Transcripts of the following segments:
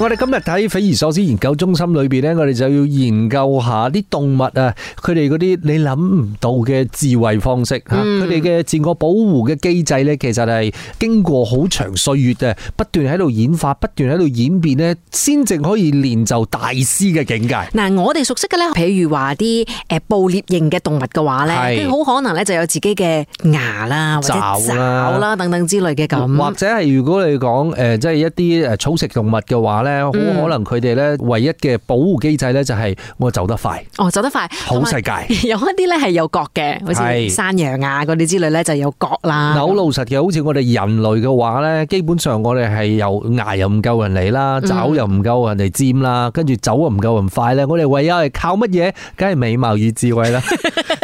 我哋今日睇匪夷所思研究中心裏邊咧，我哋就要研究下啲動物啊，佢哋嗰啲你諗唔到嘅智慧方式吓，佢哋嘅自我保護嘅機制咧，其實係經過好長歲月啊，不斷喺度演化，不斷喺度演變咧，先正可以練就大師嘅境界。嗱，我哋熟悉嘅咧，譬如話啲誒捕獵型嘅動物嘅話咧，好可能咧就有自己嘅牙啦、爪啦、等等之類嘅咁。或者係如果你講誒，即係一啲誒草食動物嘅話咧。咧，好可能佢哋咧，唯一嘅保護機制咧，就係我走得快哦走得快好世界。有一啲咧係有角嘅，好似山羊啊嗰啲之類咧就有角啦。好老實嘅，好似我哋人類嘅話咧，基本上我哋係又牙又唔夠人嚟啦，爪又唔夠人哋尖啦，跟住走又唔夠人快咧。我哋唯一係靠乜嘢？梗係美貌與智慧啦，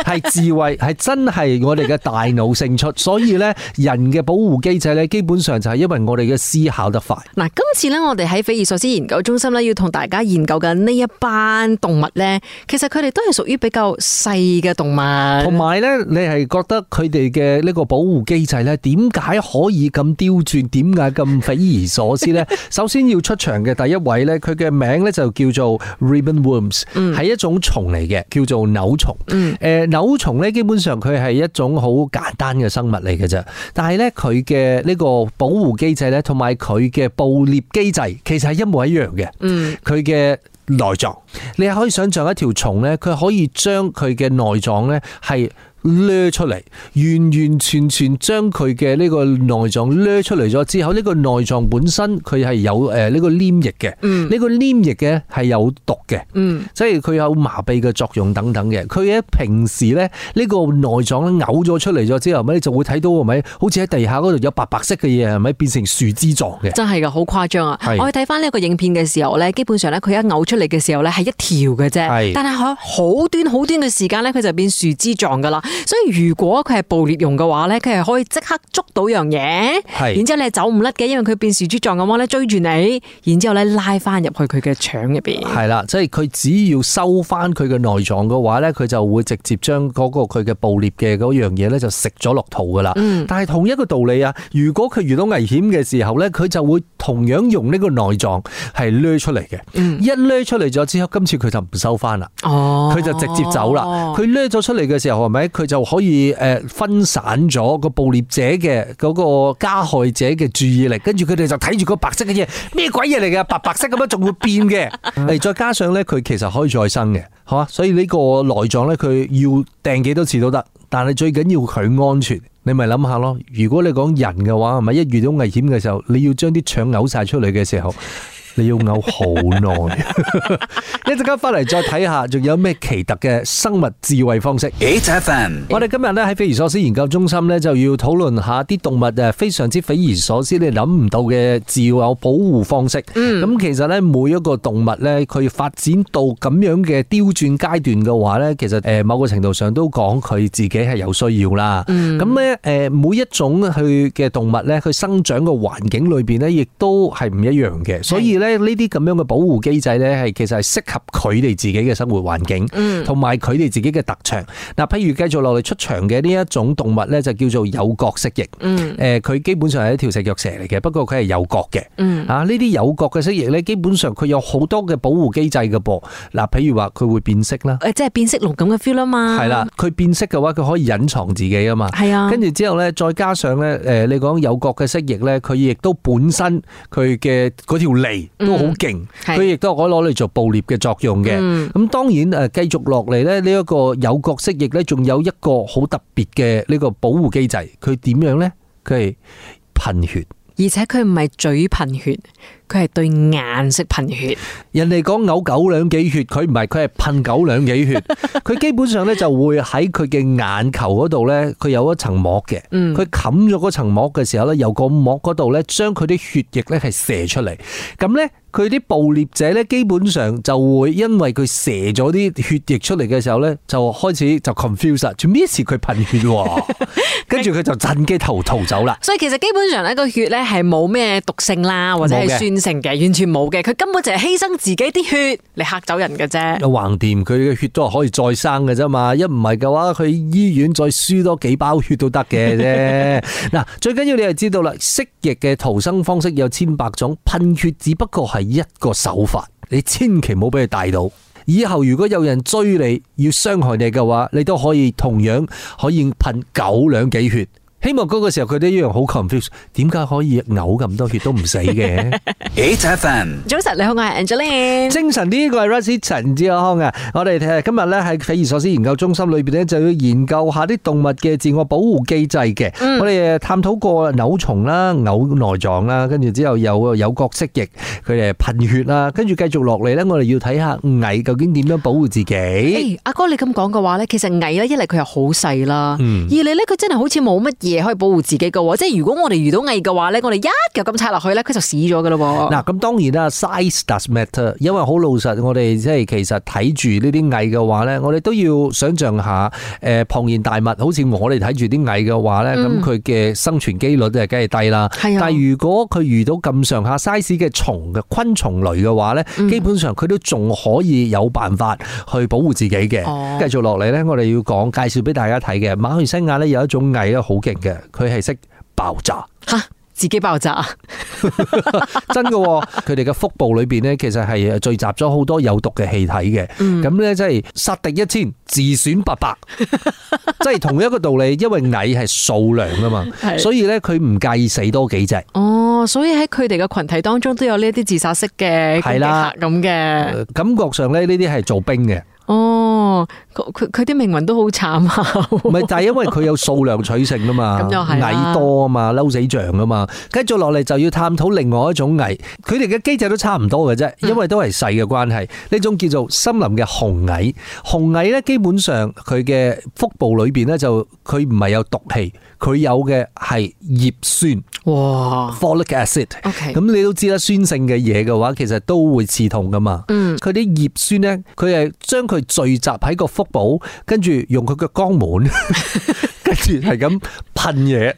係智慧係真係我哋嘅大腦勝出。所以咧人嘅保護機制咧，基本上就係因為我哋嘅思考得快。嗱，今次咧我哋喺斐濟。首先研究中心咧，要同大家研究緊呢一班動物咧，其實佢哋都係屬於比較細嘅動物。同埋咧，你係覺得佢哋嘅呢個保護機制咧，點解可以咁刁鑽？點解咁匪夷所思咧？ 首先要出場嘅第一位咧，佢嘅名咧就叫做 ribbon worms，嗯，係一種蟲嚟嘅，叫做紐蟲。嗯，誒、呃，紐蟲咧，基本上佢係一種好簡單嘅生物嚟嘅啫。但係咧，佢嘅呢個保護機制咧，同埋佢嘅捕獵機制，其實係一一模一樣嘅，嗯，佢嘅內臟， 你可以想象一條蟲咧，佢可以將佢嘅內臟咧係掠出嚟，完完全全將佢嘅呢個內臟掠出嚟咗之後，呢、這個內臟本身佢係有誒呢、呃這個黏液嘅，呢、嗯、個黏液嘅係有毒嘅，嗯、即係佢有麻痹嘅作用等等嘅。佢喺平時咧呢個內臟嘔咗出嚟咗之後，咪就會睇到係咪好似喺地下嗰度有白白色嘅嘢係咪變成樹枝狀嘅？真係噶，好誇張啊！是我去睇翻呢個影片嘅時候咧，基本上咧佢一嘔出嚟嘅時候咧係一條嘅啫，是但係佢好短好短嘅時間咧，佢就變樹枝狀噶啦。所以如果佢係捕獵用嘅話咧，佢係可以即刻捉到樣嘢，是然之後你係走唔甩嘅，因為佢變樹豬狀咁樣咧追住你，然之後咧拉翻入去佢嘅腸入邊。係啦，即係佢只要收翻佢嘅內臟嘅話咧，佢就會直接將嗰個佢嘅捕獵嘅嗰樣嘢咧就食咗落肚噶啦。嗯、但係同一個道理啊，如果佢遇到危險嘅時候咧，佢就會同樣用呢個內臟係掠出嚟嘅。嗯、一掠出嚟咗之後，今次佢就唔收翻啦。哦。佢就直接走啦。佢掠咗出嚟嘅時候係咪？佢就可以誒分散咗個捕獵者嘅嗰個加害者嘅注意力，跟住佢哋就睇住個白色嘅嘢，咩鬼嘢嚟嘅白白色咁樣仲會變嘅，誒 再加上咧，佢其實可以再生嘅，好啊，所以呢個內臟咧，佢要掟幾多次都得，但係最緊要佢安全，你咪諗下咯。如果你講人嘅話，係咪一遇到危險嘅時候，你要將啲腸嘔晒出嚟嘅時候。你要嘔好耐，一陣間翻嚟再睇下，仲有咩奇特嘅生物自衛方式？誒，仔份，我哋今日咧喺匪夷所思研究中心咧，就要討論下啲動物誒，非常之匪夷所思，你諗唔到嘅自我保護方式。咁其實咧，每一個動物咧，佢發展到咁樣嘅刁鑽階段嘅話咧，其實誒，某個程度上都講佢自己係有需要啦。嗯，咁咧誒，每一種佢嘅動物咧，佢生長嘅環境裏邊咧，亦都係唔一樣嘅，所以咧。呢啲咁樣嘅保護機制呢，係其實係適合佢哋自己嘅生活環境，同埋佢哋自己嘅特長。嗱，譬如繼續落嚟出場嘅呢一種動物呢，就叫做有角蜥蜴，誒，佢基本上係一條四腳蛇嚟嘅，不過佢係有角嘅，啊，呢啲有角嘅蜥蜴呢，基本上佢有好多嘅保護機制嘅噃。嗱，譬如話佢會變色啦，即係變色龍咁嘅 feel 啦嘛，係啦，佢變色嘅話，佢可以隱藏自己啊嘛，跟住之後呢，再加上呢，誒，你講有角嘅蜥蜴呢，佢亦都本身佢嘅嗰條脷。都好勁，佢亦都可以攞嚟做捕獵嘅作用嘅。咁當然誒，繼續落嚟咧，呢一個有角蜥蜴咧，仲有一個好特別嘅呢個保護機制。佢點樣呢？佢係噴血，而且佢唔係嘴噴血。佢係對眼色噴血，人哋講嘔九兩幾血，佢唔係，佢係噴九兩幾血。佢 基本上咧就會喺佢嘅眼球嗰度咧，佢有一層膜嘅。佢冚咗嗰層膜嘅時候咧，由個膜嗰度咧，將佢啲血液咧係射出嚟。咁咧，佢啲捕獵者咧，基本上就會因為佢射咗啲血液出嚟嘅時候咧，就開始就 confuse，做咩事佢噴血喎？跟住佢就趁機逃逃走啦。 所以其實基本上咧，個血咧係冇咩毒性啦，或者係完全冇嘅，佢根本就係犧牲自己啲血嚟嚇走人嘅啫。橫掂佢嘅血都係可以再生嘅啫嘛，一唔係嘅話，佢醫院再輸多幾包血都得嘅啫。嗱， 最緊要你係知道啦，蜥蜴嘅逃生方式有千百種，噴血只不過係一個手法，你千祈唔好俾佢帶到。以後如果有人追你，要傷害你嘅話，你都可以同樣可以噴九兩幾血。希望嗰個時候佢都一樣好 confused，點解可以嘔咁多血都唔死嘅？Eight FM，早晨你好，我係 Angeline，精神啲嘅係 Russell 陳志康啊！我哋今日咧喺匪夷所思研究中心裏邊咧就要研究下啲動物嘅自我保護機制嘅。我哋探討過嘔蟲啦、嘔內臟啦，跟住之後有有角蜥蜴，佢哋噴血啊，跟住繼續落嚟咧，我哋要睇下蟻究竟點樣保護自己。阿哥你咁講嘅話咧，其實蟻咧一嚟佢又好細啦，二嚟咧佢真係好似冇乜嘢。可以保護自己嘅，即係如果我哋遇到蟻嘅話咧，我哋一腳咁插落去咧，佢就死咗㗎咯。嗱，咁當然啦，size does matter，因為好老實，我哋即係其實睇住呢啲蟻嘅話咧，我哋都要想象下，誒龐然大物，好似我哋睇住啲蟻嘅話咧，咁佢嘅生存機率咧，梗係低啦。但係如果佢遇到咁上下 size 嘅蟲嘅昆蟲類嘅話咧，基本上佢都仲可以有辦法去保護自己嘅。嗯、繼續落嚟咧，我哋要講介紹俾大家睇嘅，馬來西亞咧有一種蟻咧好勁。佢係識爆炸吓，自己爆炸 啊！真噶，佢哋嘅腹部裏邊呢，其實係聚集咗好多有毒嘅氣體嘅。咁呢，即係殺敵一千，自損八百， 即係同一個道理。因為蟻係數量啊嘛， 所以呢，佢唔介意死多幾隻。哦，所以喺佢哋嘅群體當中都有呢啲自殺式嘅攻擊客咁嘅、係啦、呃、感覺上呢，呢啲係做兵嘅。哦，佢佢啲命運都好慘啊！唔係，就係因為佢有數量取勝啊嘛，蟻、 啊、多啊嘛，嬲死象啊嘛，跟住落嚟就要探討另外一種蟻，佢哋嘅機制都差唔多嘅啫，因為都係細嘅關係。呢、嗯、種叫做森林嘅紅蟻，紅蟻咧基本上佢嘅腹部裏邊咧就佢唔係有毒氣。佢有嘅係葉酸，哇，folic acid。咁你都知啦，酸性嘅嘢嘅話，其實都會刺痛噶嘛。嗯，佢啲葉酸咧，佢係將佢聚集喺個腹部，跟住用佢嘅肛門，跟住係咁噴嘢，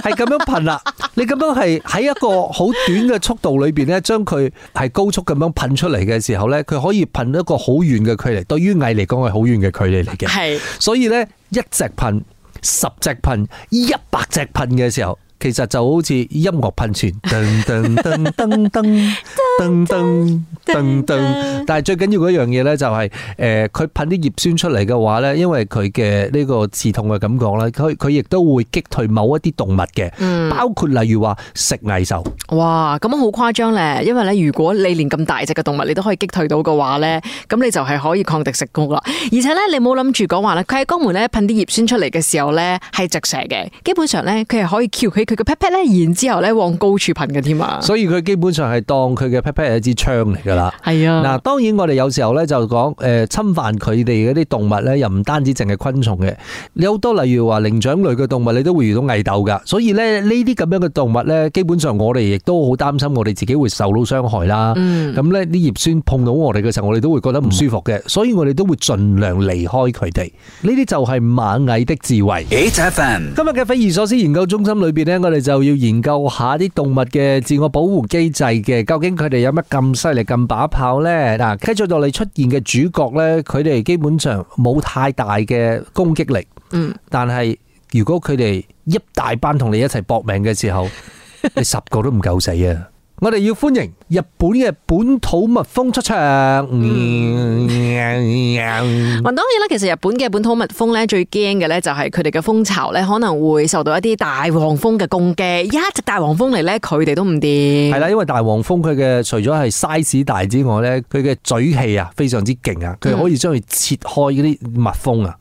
係咁 樣噴啦。 你咁樣係喺一個好短嘅速度裏邊咧，將佢係高速咁樣噴出嚟嘅時候咧，佢可以噴一個好遠嘅距離。對於蟻嚟講係好遠嘅距離嚟嘅，係是。所以咧，一直噴。十隻噴，一百隻噴嘅時候。其實就好似音樂噴泉，噔噔噔噔噔噔噔噔。但係最緊要嗰樣嘢咧，就係誒，佢噴啲葉酸出嚟嘅話咧，因為佢嘅呢個刺痛嘅感覺咧，佢佢亦都會擊退某一啲動物嘅，包括例如話食蟻獸。哇，咁樣好誇張咧！因為咧，如果你連咁大隻嘅動物你都可以擊退到嘅話咧，咁你就係可以抗敵食谷啦。而且咧，你冇諗住講話咧，佢喺肛門咧噴啲葉酸出嚟嘅時候咧係直射嘅，基本上咧佢係可以翹起佢。佢劈劈咧，然之後咧往高處噴嘅添啊！所以佢基本上係當佢嘅劈劈係一支槍嚟噶啦。係啊，嗱，當然我哋有時候咧就講誒，侵犯佢哋嗰啲動物咧，又唔單止淨係昆蟲嘅，有好多例如話靈長類嘅動物，你都會遇到蟻鬥噶。所以咧呢啲咁樣嘅動物咧，基本上我哋亦都好擔心，我哋自己會受到傷害啦。咁咧啲葉酸碰到我哋嘅時候，我哋都會覺得唔舒服嘅，所以我哋都會盡量離開佢哋。呢啲就係螞蟻的智慧。HFM 今日嘅匪夷所思研究中心裏邊咧。我哋就要研究下啲動物嘅自我保護機制嘅，究竟佢哋有乜咁犀利咁把炮呢？嗱，繼續落嚟出現嘅主角呢，佢哋基本上冇太大嘅攻擊力。嗯，但係如果佢哋一大班同你一齊搏命嘅時候，你十個都唔夠死啊！我哋要歡迎日本嘅本土蜜蜂出場，嗯。唔 當然啦，其實日本嘅本土蜜蜂咧，最驚嘅咧就係佢哋嘅蜂巢咧，可能會受到一啲大黃蜂嘅攻擊。一隻大黃蜂嚟，咧，佢哋都唔掂。係啦，因為大黃蜂佢嘅除咗係 size 大之外咧，佢嘅嘴器啊，非常之勁啊，佢可以將佢切開嗰啲蜜蜂啊，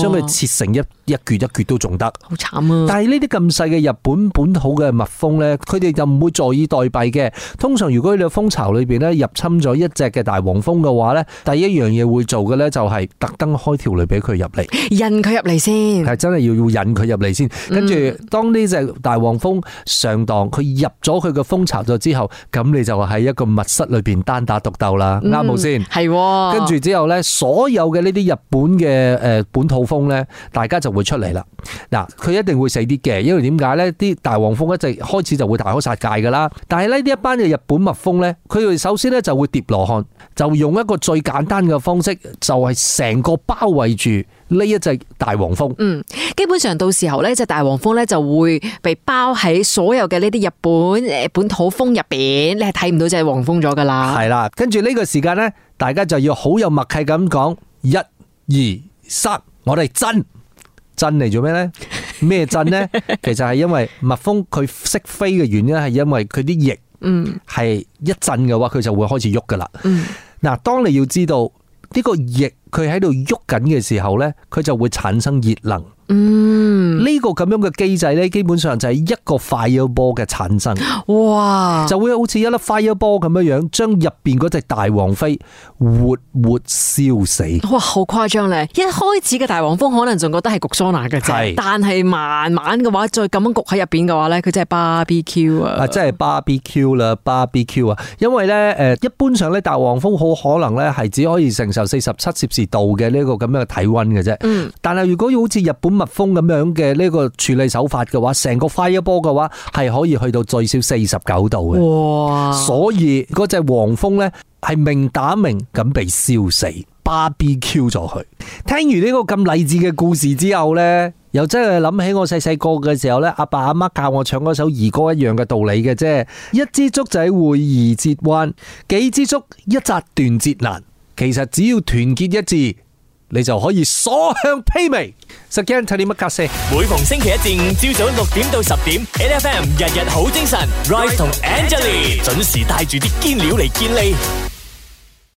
將佢、嗯、切成一、哦、一橛一橛都仲得。好慘啊！但係呢啲咁細嘅日本本土嘅蜜蜂咧，佢哋就唔會坐以待斃。嘅通常，如果你個蜂巢裏邊咧入侵咗一隻嘅大黃蜂嘅話咧，第一樣嘢會做嘅咧就係特登開條路俾佢入嚟，引佢入嚟先，係真係要要引佢入嚟先。跟住當呢隻大黃蜂上當，佢入咗佢嘅蜂巢咗之後，咁你就喺一個密室裏邊單打獨鬥啦，啱冇先？係，跟住、嗯哦、之後咧，所有嘅呢啲日本嘅誒本土蜂咧，大家就會出嚟啦。嗱，佢一定會死啲嘅，因為點解咧？啲大黃蜂一直開始就會大開殺戒噶啦，但係咧。呢一班嘅日本蜜蜂咧，佢哋首先咧就會疊羅漢，就用一個最簡單嘅方式，就係成個包圍住呢一隻大黃蜂。嗯，基本上到時候咧，隻大黃蜂咧就會被包喺所有嘅呢啲日本誒本土蜂入邊，你係睇唔到隻黃蜂咗噶啦。係啦，跟住呢個時間咧，大家就要好有默契咁講，一、二、三，我哋震震嚟做咩咧？咩震咧？其實係因為蜜蜂佢識飛嘅原因係因為佢啲翼。嗯，係一震嘅話，佢就會開始喐噶啦。嗯，嗱，當你要知道呢個液佢喺度喐緊嘅時候咧，佢就會產生熱能。嗯。呢個咁樣嘅機制咧，基本上就係一個 fireball 嘅產生，哇！就會好似一粒 fireball 咁樣樣，將入邊嗰隻大黃蜂活活燒死。哇！好誇張咧！一開始嘅大黃蜂可能仲覺得係焗桑拿嘅啫，是但係慢慢嘅話，再咁樣焗喺入邊嘅話咧，佢真係 barbecue 啊！啊，真係 barbecue 啦，barbecue 啊！因為咧，誒，一般上咧大黃蜂好可能咧係只可以承受四十七攝氏度嘅呢個咁樣嘅體温嘅啫。嗯、但係如果要好似日本蜜蜂咁樣。嘅呢個處理手法嘅話，成個 fireball 嘅話係可以去到最少四十九度嘅，哇所以嗰隻黃蜂呢，係明打明咁被燒死，芭比 q 咗佢。聽完呢個咁勵志嘅故事之後呢，又真係諗起我細細個嘅時候呢，阿爸阿媽教我唱嗰首兒歌一樣嘅道理嘅啫，一支竹仔會易折彎，幾支竹一紮斷節難，其實只要團結一致。你就可以所向披靡。s u g g 睇啲乜格式？每逢星期一至五朝早六點到十點，N F M 日日好精神。Rise 同 Angelie 準時帶住啲堅料嚟堅你。